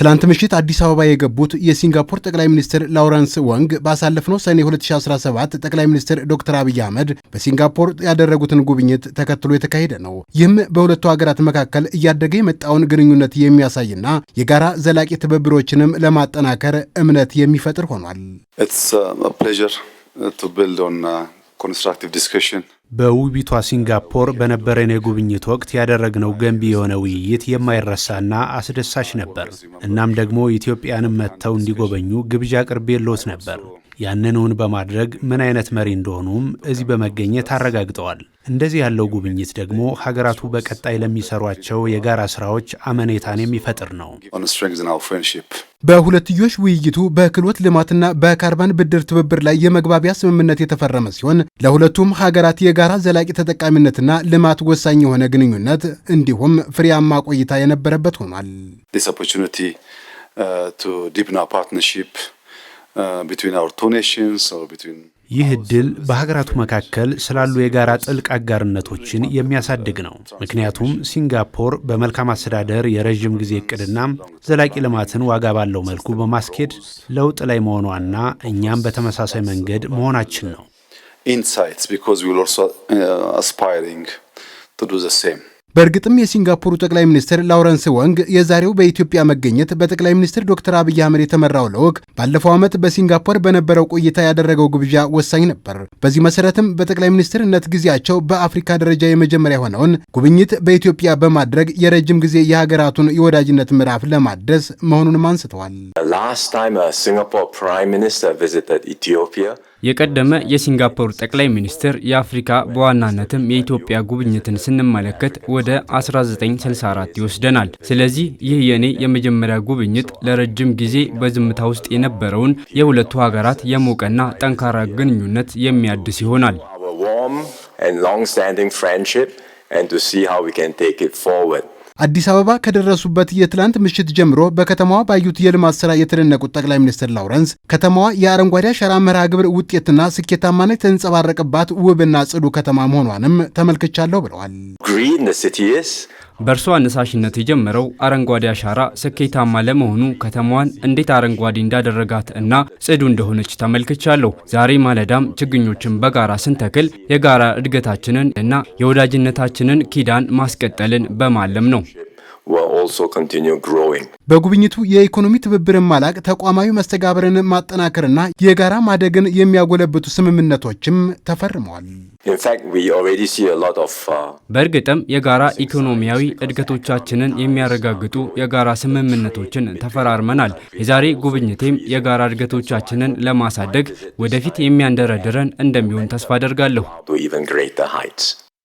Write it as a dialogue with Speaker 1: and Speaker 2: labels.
Speaker 1: ትላንት ምሽት አዲስ አበባ የገቡት የሲንጋፖር ጠቅላይ ሚኒስትር ላውረንስ ወንግ ባሳለፍነው ሰኔ 2017 ጠቅላይ ሚኒስትር ዶክተር አብይ አህመድ በሲንጋፖር ያደረጉትን ጉብኝት ተከትሎ የተካሄደ ነው። ይህም በሁለቱ ሀገራት መካከል እያደገ የመጣውን ግንኙነት የሚያሳይና የጋራ ዘላቂ ትብብሮችንም ለማጠናከር እምነት የሚፈጥር ሆኗል።
Speaker 2: ኮንስትራክቲቭ ዲስከሽን
Speaker 1: በውቢቷ ሲንጋፖር በነበረን የጉብኝት ወቅት ያደረግነው ገንቢ የሆነ ውይይት የማይረሳና አስደሳች ነበር። እናም ደግሞ ኢትዮጵያንም መጥተው እንዲጎበኙ ግብዣ ሎት ነበር። ያንኑን በማድረግ ምን አይነት መሪ እንደሆኑም እዚህ በመገኘት አረጋግጠዋል። እንደዚህ ያለው ጉብኝት ደግሞ ሀገራቱ በቀጣይ ለሚሰሯቸው የጋራ ስራዎች አመኔታን የሚፈጥር ነው። በሁለትዮሽ ውይይቱ በክህሎት ልማትና በካርባን ብድር ትብብር ላይ የመግባቢያ ስምምነት የተፈረመ ሲሆን ለሁለቱም ሀገራት የጋራ ዘላቂ ተጠቃሚነትና ልማት ወሳኝ የሆነ ግንኙነት እንዲሁም ፍሬያማ ቆይታ የነበረበት ሆኗል።
Speaker 2: Uh,
Speaker 1: ይህ እድል በሀገራቱ መካከል ስላሉ የጋራ ጥልቅ አጋርነቶችን የሚያሳድግ ነው። ምክንያቱም ሲንጋፖር በመልካም አስተዳደር የረዥም ጊዜ እቅድና ዘላቂ ልማትን ዋጋ ባለው መልኩ በማስኬድ ለውጥ ላይ መሆኗና እኛም በተመሳሳይ መንገድ መሆናችን ነው። በእርግጥም የሲንጋፖሩ ጠቅላይ ሚኒስትር ላውረንስ ወንግ የዛሬው በኢትዮጵያ መገኘት በጠቅላይ ሚኒስትር ዶክተር አብይ አህመድ የተመራው ልዑክ ባለፈው ዓመት በሲንጋፖር በነበረው ቆይታ ያደረገው ግብዣ ወሳኝ ነበር። በዚህ መሰረትም በጠቅላይ ሚኒስትርነት ጊዜያቸው በአፍሪካ ደረጃ የመጀመሪያ የሆነውን ጉብኝት በኢትዮጵያ በማድረግ የረጅም ጊዜ የሀገራቱን የወዳጅነት ምዕራፍ ለማድረስ መሆኑንም አንስተዋል። የቀደመ የሲንጋፖር ጠቅላይ ሚኒስትር የአፍሪካ በዋናነትም የኢትዮጵያ ጉብኝትን ስንመለከት ወደ 1964 ይወስደናል። ስለዚህ ይህ የኔ የመጀመሪያ ጉብኝት ለረጅም ጊዜ በዝምታ ውስጥ የነበረውን የሁለቱ ሀገራት የሞቀና ጠንካራ ግንኙነት የሚያድስ ይሆናል።
Speaker 2: and to see how we can take it forward.
Speaker 1: አዲስ አበባ ከደረሱበት የትላንት ምሽት ጀምሮ በከተማዋ ባዩት የልማት ስራ የተደነቁት ጠቅላይ ሚኒስትር ላውረንስ ከተማዋ የአረንጓዴ አሻራ መርሃ ግብር ውጤትና ስኬታማነት የተንጸባረቀባት ውብና ጽዱ ከተማ መሆኗንም ተመልክቻለሁ ብለዋል። በእርሷ አነሳሽነት የጀመረው አረንጓዴ አሻራ ስኬታማ ለመሆኑ ከተማዋን እንዴት አረንጓዴ እንዳደረጋት እና ጽዱ እንደሆነች ተመልክቻለሁ። ዛሬ ማለዳም ችግኞችን በጋራ ስንተክል የጋራ እድገታችንን እና የወዳጅነታችንን ኪዳን ማስቀጠልን በማለም ነው። በጉብኝቱ የኢኮኖሚ ትብብርን ማላቅ ተቋማዊ መስተጋብርን ማጠናከርና የጋራ ማደግን የሚያጎለብቱ ስምምነቶችም ተፈርመዋል።
Speaker 2: uh,
Speaker 1: በእርግጥም የጋራ ኢኮኖሚያዊ እድገቶቻችንን የሚያረጋግጡ የጋራ ስምምነቶችን ተፈራርመናል። የዛሬ ጉብኝቴም የጋራ እድገቶቻችንን ለማሳደግ ወደፊት የሚያንደረድረን እንደሚሆን ተስፋ አደርጋለሁ።